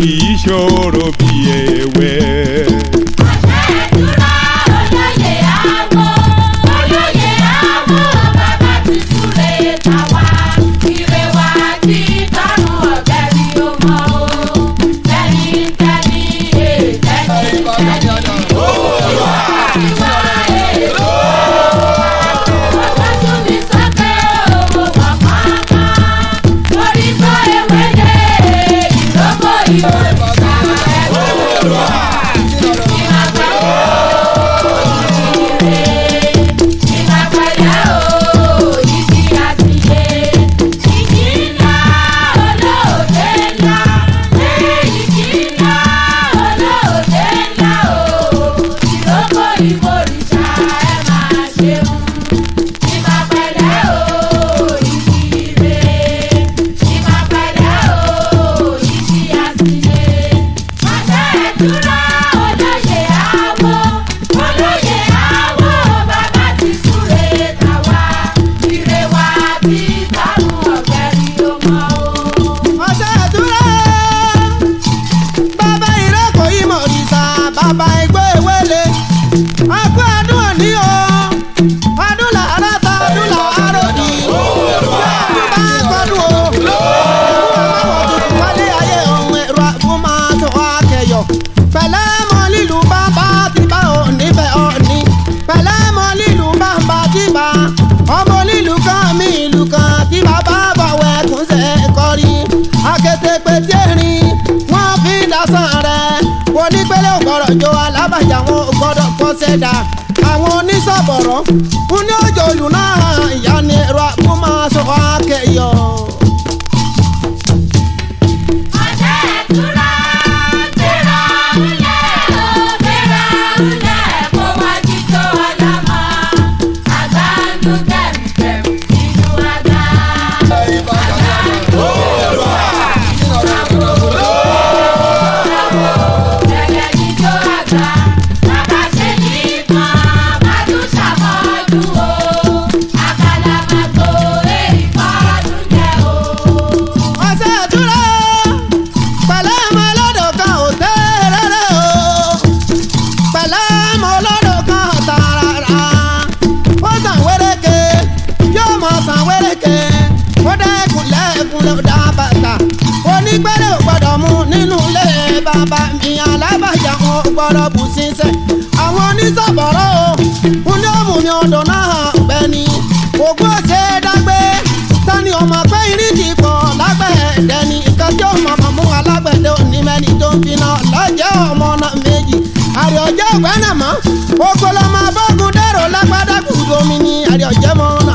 kì í ṣòro bí ewé. Olúwa. Bye bye. àjọ alábàjá wọn gbọ́dọ̀ kọ́ sẹ́dá àwọn oníṣọ̀bọ̀rọ̀ ń ní òjòlù náà ìyá. ló dá bàtà onígbẹ́rẹ́ ò gbọ́dọ̀ mú nínú ilé bàbá mi alábàjá wọn ò gbọ́dọ̀ bù sínsẹ̀ àwọn onísọ̀bọ̀rọ̀ o ń ní ọ̀mù mi ọ̀dọ̀ náà hàn ọ̀gbẹ́ni ògùn ọ̀sẹ̀ dágbé sani ọmọ pé ìrìndì pọ̀ lágbẹ̀ẹ́dẹ́ ni nǹkan tí ó mọ̀ mú alágbẹ̀dẹ òní mẹ́ni tó ń finá lọ́jẹ́ ọmọ náà méjì àríọ̀jẹ́ ọ̀gbẹ́nàmọ́ okòlọ́mọ bọ́ọ̀gùn dẹ́rọ̀ ni àríọ̀jẹ́